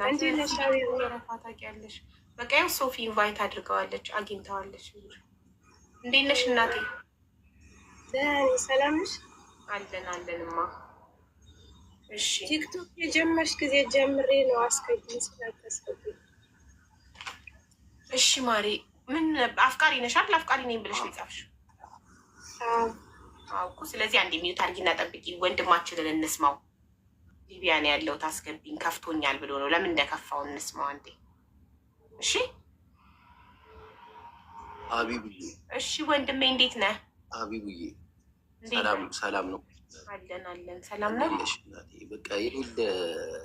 ታውቂያለሽ። በቃ ያው ሶፊ ኢንቫይት አድርገዋለች አግኝተዋለች። እንዴት ነሽ እናቴ? ሰላም ነሽ? አለን አለንማ። እሺ ቲክቶክ የጀመርሽ ጊዜ ጀምሬ ነው አስከብኝ ስላታስከብኝ። እሺ ማሪ፣ ምን አፍቃሪ ነሽ አፍቃሪ ነኝ ብለሽ ነው የጻፍሽ ስለዚህ አንድ ሚዩት አድርጊና ጠብቂ፣ ወንድማችንን እንስማው። ሊቢያ ያለው ያለሁት አስገቢኝ ከፍቶኛል ብሎ ነው። ለምን እንደከፋው እንስማው አንዴ። እሺ አቢብዬ። እሺ ወንድሜ እንዴት ነህ? አቢብዬ ሰላም ሰላም ነው አለን አለን። ሰላም ነው በቃ ይሄል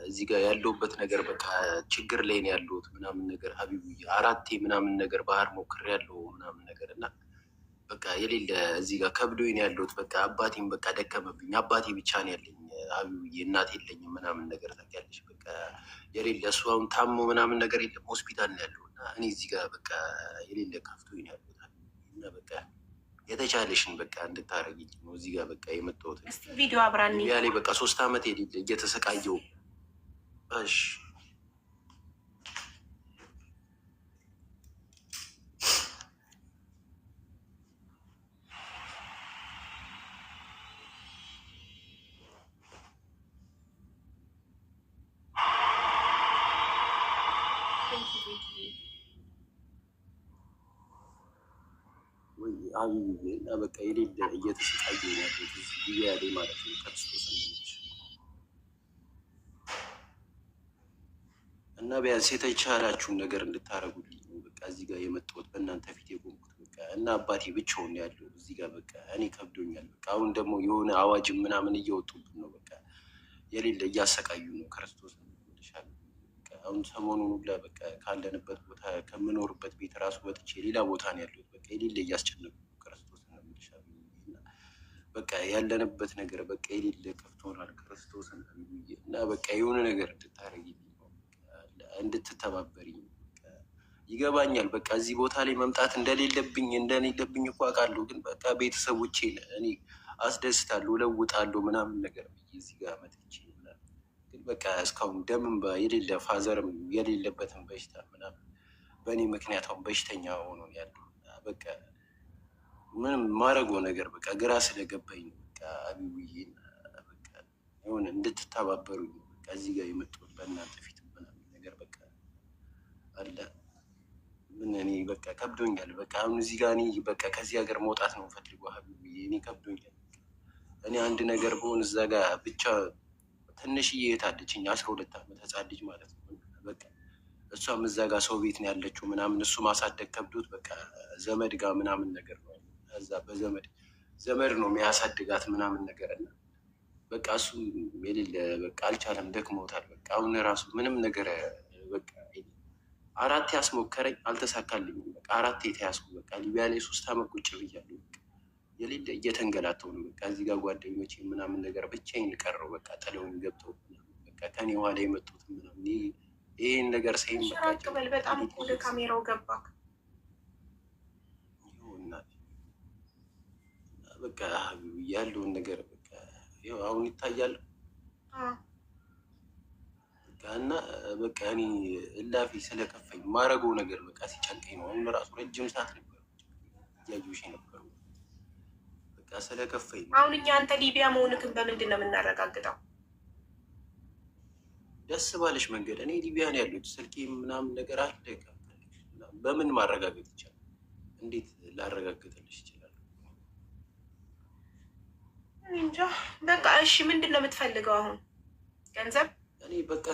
እዚህ ጋር ያለሁበት ነገር በቃ ችግር ላይ ነው ያለሁት ምናምን ነገር ሀቢብዬ፣ አራቴ ምናምን ነገር ባህር ሞክር ያለው ምናምን ነገር እና በቃ የሌለ እዚህ ጋር ከብዶኝ ነው ያለሁት። በቃ አባቴም በቃ ደከመብኝ። አባቴ ብቻ ነው ያለኝ በጣም የእናት የለኝም ምናምን ነገር ታውቂያለሽ። በቃ የሌለ እሱ አሁን ታሞ ምናምን ነገር የለም ሆስፒታል ነው ያለው እና እኔ እዚህ ጋር በቃ የሌለ ከፍቶ ያሉታል እና በቃ የተቻለሽን በቃ እንድታረግኝ ነው እዚህ ጋር በቃ የመጣሁት። ቪዲዮ አብራኒ ያሌ በቃ ሶስት አመት እየተሰቃየው እሺ አብዬ እና በቃ የሌለ እየተሰቃየ ያለት እያያደ ማለት ነው። ክርስቶስ ነች እና ቢያንስ የተቻላችሁን ነገር እንድታረጉልኝ ነው። በቃ እዚህ ጋር የመጣሁት በእናንተ ፊት የቆምኩት በቃ እና አባቴ ብቻውን ያለው እዚህ ጋር በቃ እኔ ከብዶኛል። በቃ አሁን ደግሞ የሆነ አዋጅ ምናምን እየወጡብን ነው። በቃ የሌለ እያሰቃዩ ነው። ክርስቶስ አሁን ሰሞኑን ሁላ በቃ ካለንበት ቦታ ከምኖርበት ቤት ራሱ ወጥቼ ሌላ ቦታ ነው ያለሁት። በቃ የሌለ እያስጨነቁ በቃ ያለንበት ነገር በቃ የሌለ ቀርቶናል። ክርስቶስን እና በቃ የሆነ ነገር እንድታደረግ እንድትተባበሪኝ ይገባኛል። በቃ እዚህ ቦታ ላይ መምጣት እንደሌለብኝ እንደሌለብኝ እኮ አውቃለሁ። ግን በቃ ቤተሰቦቼ እኔ አስደስታለሁ፣ ለውጣለሁ ምናምን ነገር ብዬ እዚህ ጋር መጥቼ ግን በቃ እስካሁን ደምን የሌለ ፋዘርም የሌለበትን በሽታ ምናምን በእኔ ምክንያት አሁን በሽተኛ ሆኖ ያለ በቃ ምንም ማድረጎ ነገር በቃ ግራ ስለገባኝ በቃ አቢውዬ የሆነ እንድትተባበሩ ከዚህ ጋር የመጡ በእናንተ ፊት ምናምን ነገር በቃ አለ ምን እኔ በቃ ከብዶኛል። በቃ አሁን እዚህ ጋር እኔ በቃ ከዚህ ሀገር መውጣት ነው ፈልጎ አቢውዬ እኔ ከብዶኛል። እኔ አንድ ነገር በሆን እዛ ጋር ብቻ ትንሽዬ እህት አለችኝ አስራ ሁለት ዓመት ህጻን ልጅ ማለት ነው በቃ እሷም እዛ ጋር ሰው ቤት ነው ያለችው ምናምን እሱ ማሳደግ ከብዶት በቃ ዘመድ ጋር ምናምን ነገር ነው ከዛ በዘመድ ዘመድ ነው የሚያሳድጋት ምናምን ነገር እና በቃ እሱ የሌለ በቃ አልቻለም፣ ደክሞታል። በቃ አሁን ራሱ ምንም ነገር በቃ አራት ያስሞከረኝ አልተሳካልኝም። በቃ አራት የተያዝኩ በቃ ሊቢያ ላይ ሶስት አመት ቁጭ ብያለሁ። በቃ የሌለ እየተንገላተው ነው። በቃ እዚህ ጋር ጓደኞች ምናምን ነገር ብቻዬን ቀረው። በቃ ጥለውኝ ገብተው በቃ ከኔ ኋላ የመጡት ምናምን ይህን ነገር ሳይም በጣም ወደ ካሜራው ገባ በቃ ያለውን ነገር አሁን ይታያል እና በቃ እኔ እላፊ ስለከፈኝ ማረገው ነገር በቃ ሲጨንቀኝ ነው። አሁን ራሱ ረጅም ሰዓት ነበር ያጆሽ ነበሩ በቃ ስለከፈኝ አሁን እኛ አንተ ሊቢያ መሆንክን በምንድን ነው የምናረጋግጠው? ደስ ባለሽ መንገድ እኔ ሊቢያ ነው ያሉት ስልኬ ምናምን ነገር አለ። በምን ማረጋገጥ ይቻላል? እንዴት ላረጋግጥልሽ ይችላል? እንጃ በቃ እሺ፣ ምንድን ነው የምትፈልገው አሁን? ገንዘብ እኔ በቃ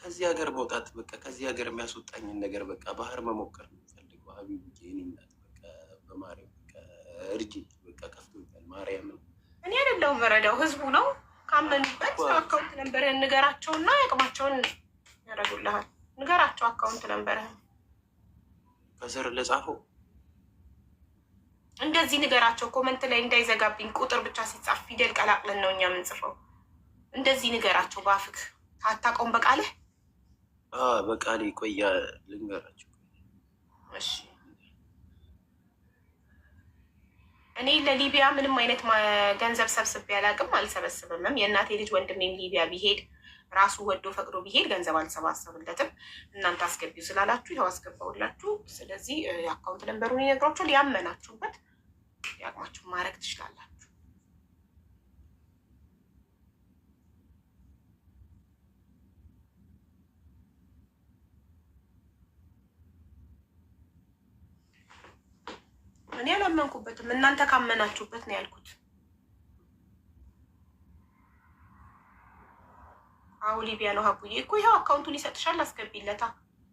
ከዚህ ሀገር መውጣት በቃ ከዚህ ሀገር የሚያስወጣኝን ነገር በቃ ባህር መሞከር ነው የምፈልገው። ሀቢብ ጌኒናት በቃ በማርያም በቃ በቃ ከፍቶኛል። ማርያም ነው እኔ አይደለሁም መረዳው ህዝቡ ነው። ካመኑበት አካውንት ነንበርህን ንገራቸውና አቅማቸውን ያደርጉልሃል። ንገራቸው አካውንት ነንበርህን ከስር ለጻፈው እንደዚህ ንገራቸው። ኮመንት ላይ እንዳይዘጋብኝ ቁጥር ብቻ ሲጻፍ ፊደል ቀላቅለን ነው እኛ የምንጽፈው። እንደዚህ ንገራቸው በአፍክ አታውቀውም። በቃልህ በቃሌ ቆያ ልንገራቸው። እኔ ለሊቢያ ምንም አይነት ገንዘብ ሰብስቤ አላውቅም፣ አልሰበስብምም። የእናቴ ልጅ ወንድሜም ሊቢያ ቢሄድ ራሱ ወዶ ፈቅዶ ቢሄድ ገንዘብ አልሰባሰብለትም እናንተ አስገቢው ስላላችሁ ይኸው አስገባውላችሁ። ስለዚህ የአካውንት ነንበሩን ይነግራችኋል። ያመናችሁበት ያቅማችሁ ማድረግ ትችላላችሁ። እኔ አላመንኩበትም። እናንተ ካመናችሁበት ነው ያልኩት። አዎ ሊቢያ ነው ሀቡዬ እኮ ይኸው አካውንቱን ይሰጥሻል። አስገቢለታ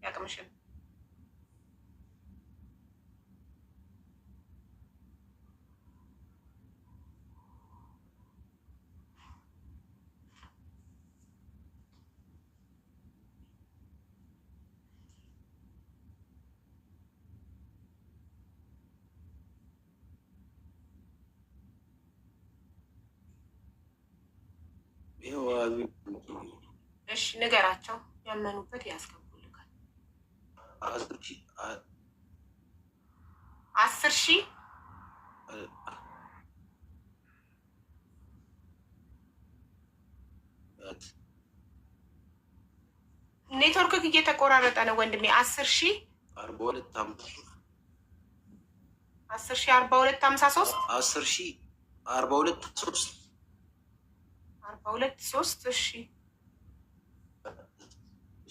ያቅምሽን እሺ ንገራቸው፣ ያመኑበት ያስገቡልካል። አስር ሺህ ኔትወርክ እየተቆራረጠ ነው ወንድሜ። አስር ሺህ አርባ ሁለት አምሳ አስር ሺህ አርባ ሁለት አምሳ ሶስት አስር ሺህ አርባ ሁለት ሶስት በሁለት ሶስት እሺ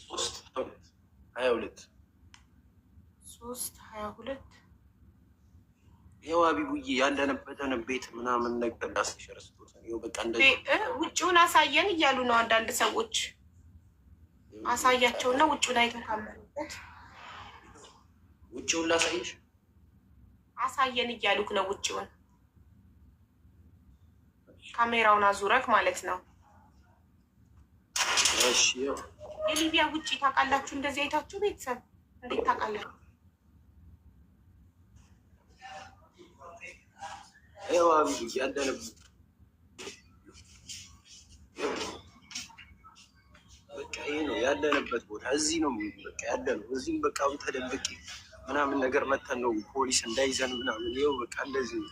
ሶስት ሀያ ሁለት ሶስት ሀያ ሁለት ይኸው ሀቢቡዬ ያለንበትን ቤት ምናምን ነገር ላስሸርስቶት በቃ እንደ ውጭውን አሳየን እያሉ ነው አንዳንድ ሰዎች። አሳያቸውና ውጭውን አይተው ውጭውን ላሳየሽ አሳየን እያሉክ ነው ውጭውን ካሜራውን አዙረክ ማለት ነው። የሊቢያ ውጭ ታውቃላችሁ? እንደዚህ አይታችሁ ቤተሰብ እንዴት ታውቃላችሁ? በቃ ይሄ ነው ያለንበት ቦታ። እዚህ ነው በቃ ያለ ነው። እዚህም በቃ ተደብቄ ምናምን ነገር መተን ነው ፖሊስ እንዳይዘን ምናምን። ይኸው በቃ እንደዚህ ነው።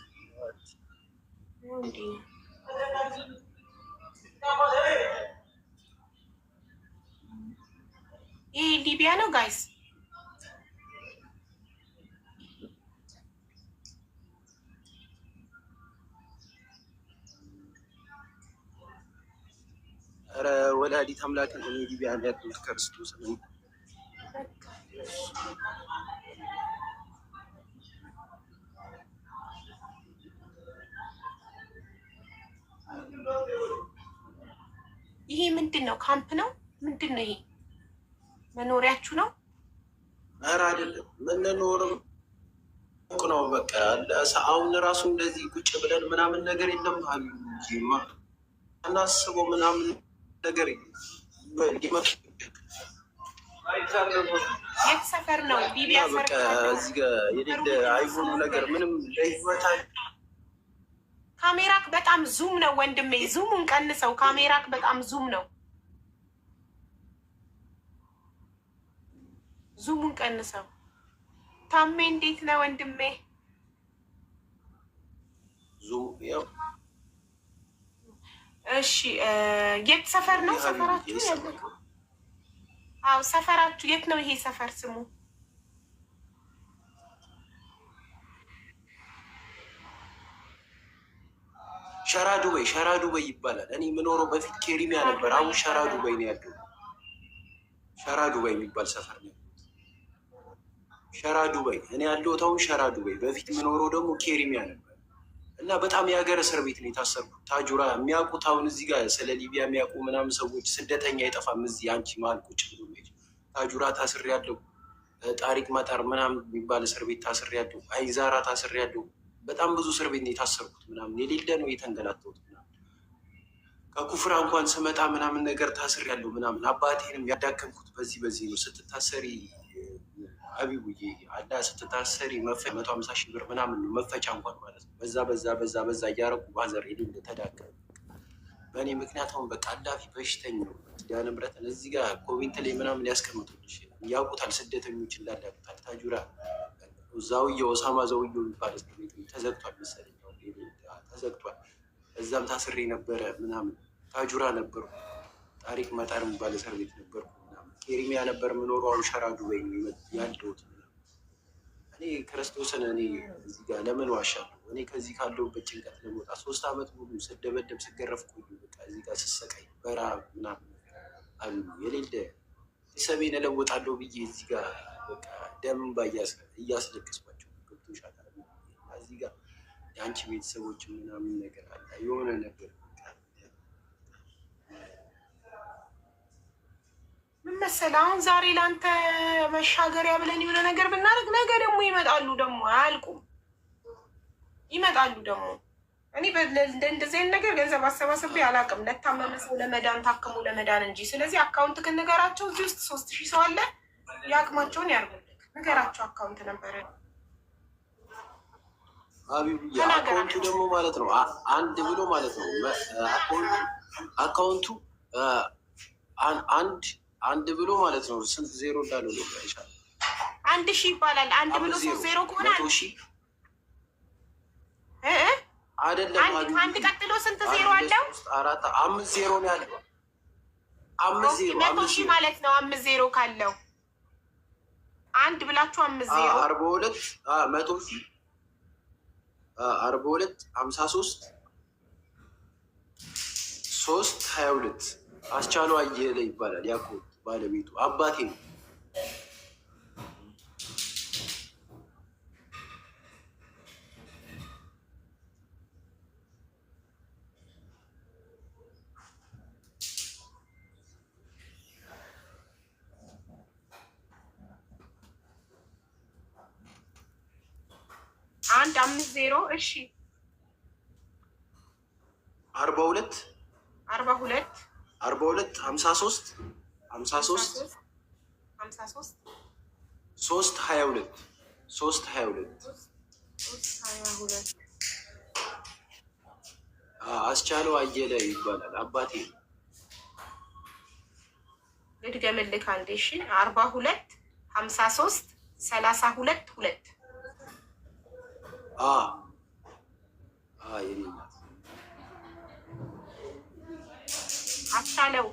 ይህ ሊቢያ ነው ጋይስ። ኧረ ወላዲተ አምላክ ክርስቶስ ይሄ ምንድን ነው? ካምፕ ነው? ምንድን ነው ይሄ? መኖሪያችሁ ነው? ኧረ አይደለም፣ ምንኖርም ነው በቃ። አሁን ራሱ እንደዚህ ቁጭ ብለን ምናምን ነገር የለም አሉ እናስበው ምናምን ነገር የት ሰፈር ነው? ቢቢያ ሰፈር የሌለ አይሆኑ ነገር ምንም ለህይወታችን ካሜራክ በጣም ዙም ነው ወንድሜ፣ ዙሙን ቀንሰው። ካሜራክ በጣም ዙም ነው፣ ዙሙን ቀንሰው። ታሜ እንዴት ነው ወንድሜ? እሺ፣ የት ሰፈር ነው ሰፈራችሁ? አዎ፣ ሰፈራችሁ የት ነው? ይሄ ሰፈር ስሙ ሸራ ዱበይ ሸራ ዱበይ ይባላል። እኔ የምኖረው በፊት ኬሪሚያ ነበር። አሁን ሸራ ዱበይ ነው ያለው። ሸራ ዱበይ የሚባል ሰፈር ነው። ሸራ ዱበይ እኔ ያለሁት አሁን ሸራ ዱበይ፣ በፊት የምኖረው ደግሞ ኬሪሚያ ነበር እና በጣም የሀገር እስር ቤት ነው የታሰርኩት። ታጁራ የሚያውቁት አሁን እዚህ ጋር ስለ ሊቢያ የሚያውቁ ምናምን ሰዎች ስደተኛ አይጠፋም። እዚህ አንቺ መሀል ቁጭ ብሎ ታጁራ ታስሬያለሁ። ጣሪቅ መጠር ምናምን የሚባል እስር ቤት ታስሬያለሁ። አይዛራ ታስሬያለሁ። በጣም ብዙ እስር ቤት ነው የታሰርኩት፣ ምናምን የሌለ ነው የተንገላተሁት። ከኩፍራ እንኳን ስመጣ ምናምን ነገር ታስር ያለው ምናምን አባቴንም ያዳከምኩት በዚህ በዚህ ነው። ስትታሰሪ አቢቡዬ አዳ ስትታሰሪ መፈ መቶ ሀምሳ ሺህ ብር ምናምን ነው መፈጫ እንኳን ማለት ነው። በዛ በዛ በዛ በዛ እያረጉ ባዘር ሄዱ ተዳከም። በእኔ ምክንያት አሁን በቃ አዳፊ በሽተኝ ነው። ያ ንብረትን እዚህ ጋር ኮቪንት ላይ ምናምን ያስቀምጡልሽ ያውቁታል፣ ስደተኞች እንዳለ ያውቁታል። ታጁራ ዛውዬ ኦሳማ ዘውዬ የሚባል እስር ቤት ተዘግቷል መሰለኝ፣ ተዘግቷል። እዛም ታስሬ ነበረ ምናምን። ታጁራ ነበርኩ፣ ታሪክ መጣር የሚባል እስር ቤት ነበርኩ ምናምን። ኬሪሚያ ነበር የምኖረው፣ አሁን ሸራዱ ዱባይ ያለሁት። እኔ ክርስቶስን እኔ እዚህ ጋር ለምን ዋሻለሁ? እኔ ከዚህ ካለሁበት ጭንቀት ለመውጣ ሶስት ዓመት ሙሉ ስደበደብ ስገረፍ ቆዩ። በቃ እዚህ ጋር ስሰቃይ በራ ምናምን አሉ የሌለ ሰሜን እለወጣለሁ ብዬ እዚህ ጋር በቃ ደም እያስለቀስኳቸው ገብቶሻል። እዚህ ጋር የአንቺ ቤተሰቦች ምናምን ነገር አለ የሆነ ነገር ምን መሰለህ፣ አሁን ዛሬ ለአንተ መሻገሪያ ብለን የሆነ ነገር ብናደርግ ነገ ደግሞ ይመጣሉ፣ ደግሞ አያልቁም፣ ይመጣሉ ደግሞ እኔ እንደዚህ ነገር ገንዘብ አሰባሰብ አላውቅም። ለታመመ ሰው ለመዳን ታክሞ ለመዳን እንጂ። ስለዚህ አካውንት ክንገራቸው እዚህ ውስጥ ሶስት ሺህ ሰው አለ። የአቅማቸውን ያርጉልክ። ንገራቸው አካውንት ነበረ አካውንቱ ደግሞ ማለት ነው አንድ ብሎ ማለት ነው አካውንቱ አንድ አንድ ብሎ ማለት ነው ስንት ዜሮ እንዳለ ይሻል አንድ ሺህ ይባላል። አንድ ብሎ ሶስት ዜሮ ከሆነ አይደለም። አንድ ቀጥሎ ስንት ዜሮ አለው? አራት አምስት ዜሮ ነው ያለው። አምስት ዜሮ ማለት ነው። አምስት ዜሮ ካለው አንድ ብላችሁ አምስት ዜሮ አርባ ሁለት መቶ አርባ ሁለት ሀምሳ ሶስት ሶስት ሀያ ሁለት አስቻለው አየለ ይባላል። ያኮ ባለቤቱ አባቴ ነው። ዜሮ እሺ አርባ ሁለት አርባ ሁለት አርባ ሁለት ሀምሳ ሶስት ሀምሳ ሶስት ሀምሳ ሶስት ሶስት ሀያ ሁለት ሶስት ሀያ ሁለት አስቻለው አየለ ይባላል አባቴ። ልድገምልህ አንዴ። እሺ አርባ ሁለት ሀምሳ ሶስት ሰላሳ ሁለት ሁለት አ አ የኔ እናት አስቻለው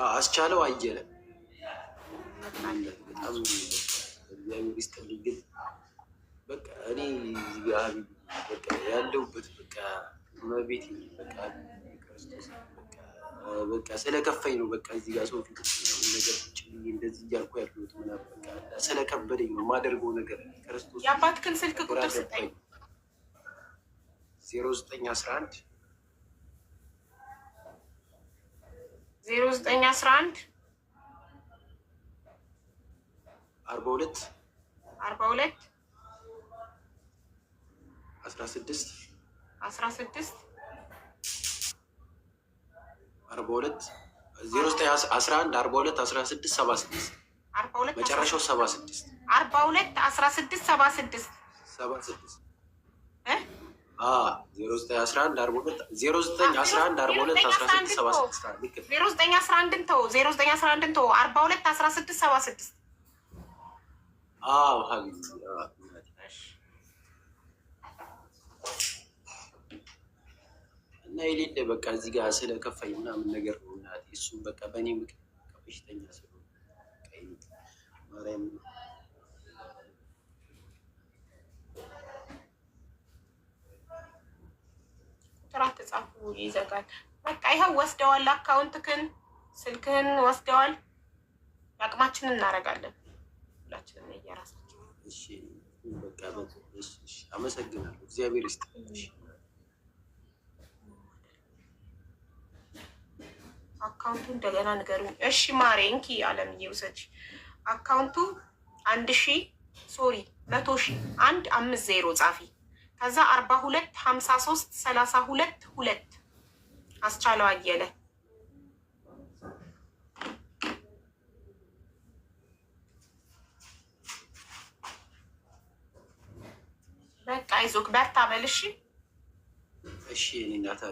አ አስቻለው አየለ በጣም እግዚአብሔር ይስጥልኝ። ግን በቃ እኔ በቃ ያለሁበት በቃ መቤት በቃ በቃ ነው። በቃ እዚህ ጋር ሰው ፊት ነገር ችልኝ እንደዚህ እያልኩ ያለሁት ምናምን ስለከበደኝ ነው የማደርገው ነገር ክርስቶስ። የአባትህን ስልክ ቁጥር ስጠኝ። ዜሮ ዘጠኝ አስራ አንድ ዜሮ ዘጠኝ አስራ አንድ አርባ ሁለት አርባ ሁለት አስራ ስድስት አስራ ስድስት አርባ ሁለት ዜሮ ዘጠኝ አስራ አንድ አርባ ሁለት አስራ ስድስት ሰባ ስድስት መጨረሻው ሰባ ስድስት አርባ ሁለት አስራ ስድስት ሰባ ስድስት ሰባ ስድስት ዜሮ ዘጠኝ አስራ አንድ አርባ ሁለት ዜሮ ዘጠኝ አስራ አንድ አርባ ሁለት አስራ ስድስት ሰባ ስድስት ዜሮ ዘጠኝ አስራ አንድን ተወው። ዜሮ ዘጠኝ አስራ አንድን ተወው። አርባ ሁለት አስራ ስድስት ሰባ ስድስት እና የሌለ በቃ እዚህ ጋር ስለከፋኝ ምናምን ነገር ነው እናቴ እሱም በቃ በእኔ ምክንያት በሽተኛ ስለሆነ ማርያም ቁጥራት ተጻፉ ይዘጋል። በቃ ይኸው ወስደዋል፣ ክን ስልክህን ወስደዋል። አቅማችን እናደርጋለን ሁላችንም የራሳችን። አመሰግናለሁ። እግዚአብሔር ይስጥልሽ። አካውንቱ እንደገና ንገሩኝ። እሺ ማሬ እንኪ አለምዬ ውሰጂ። አካውንቱ አንድ ሺ ሶሪ መቶ ሺ አንድ አምስት ዜሮ ጻፊ። ከዛ አርባ ሁለት ሀምሳ ሶስት ሰላሳ ሁለት ሁለት አስቻለው አየለ በቃ ይዞክ በርታ በልሽ። እሺ እኔ እናታ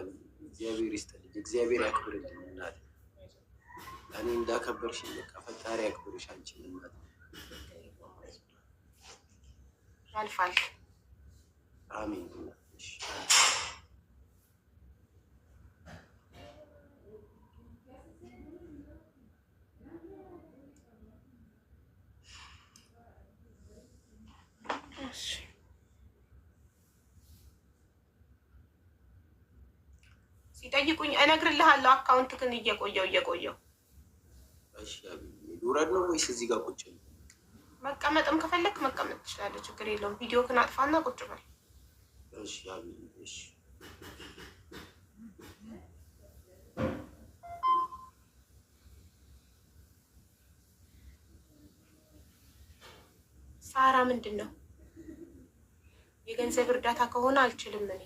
እግዚአብሔር ይስጥልኝ፣ እግዚአብሔር ያክብርልኝ። እናት እኔ እንዳከበርሽ በቃ ፈጣሪ ያክብርሽ። አንቺን እናት ያልፋል። እሺ ጠይቁኝ፣ እነግርልሃለሁ። አካውንት ግን እየቆየው እየቆየው ውረድ ነው ወይስ እዚህ ጋር ቁጭ መቀመጥም ከፈለግ መቀመጥ ትችላለህ፣ ችግር የለውም። ቪዲዮ ግን አጥፋና ቁጭ በል። ሳራ ምንድን ነው የገንዘብ እርዳታ ከሆነ አልችልም እኔ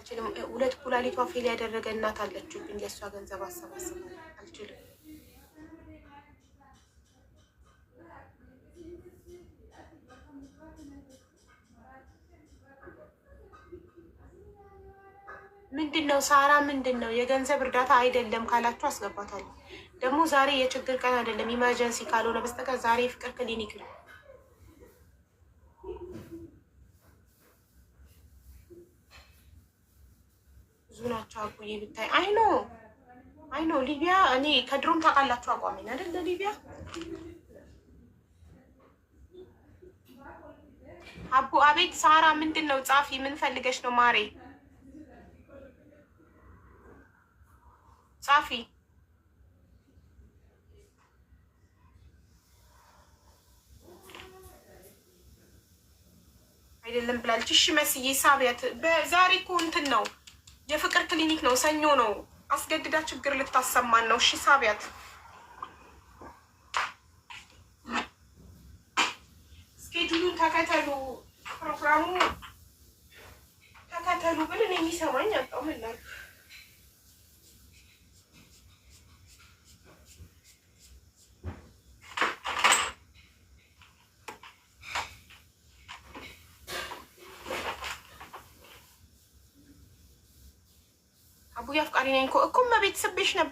አልችልም። ሁለት ኩላሊቷ ፌል ያደረገ እናት አለችብኝ። የእሷ ገንዘብ አሰባስብ አልችልም። ምንድን ነው ሳራ? ምንድን ነው የገንዘብ እርዳታ አይደለም ካላችሁ አስገባታለሁ። ደግሞ ዛሬ የችግር ቀን አይደለም ኢመርጀንሲ ካልሆነ በስተቀር ዛሬ ፍቅር ክሊኒክ ነው። ብዙ ናቸው። አጉዬ ብታይ አይ ኖ አይ ኖ ሊቢያ እኔ ከድሮም ታውቃላችሁ አቋሜን አይደል ለሊቢያ አቡ አቤት ሳራ ምንድን ነው ጻፊ ምን ፈልገሽ ነው ማሬ ጻፊ አይደለም ብላለች እሺ መስዬ ሳቢያት በዛሬ እኮ እንትን ነው የፍቅር ክሊኒክ ነው። ሰኞ ነው። አስገድዳ ችግር ልታሰማን ነው። እሺ ሳቢያት ስኬጁሉን ተከተሉ፣ ፕሮግራሙ ተከተሉ ብለን የሚሰማኝ አጣምላሉ ያው ፍቃሪ ነኝ እኮ እኮ መቤት ስቤሽ ነበር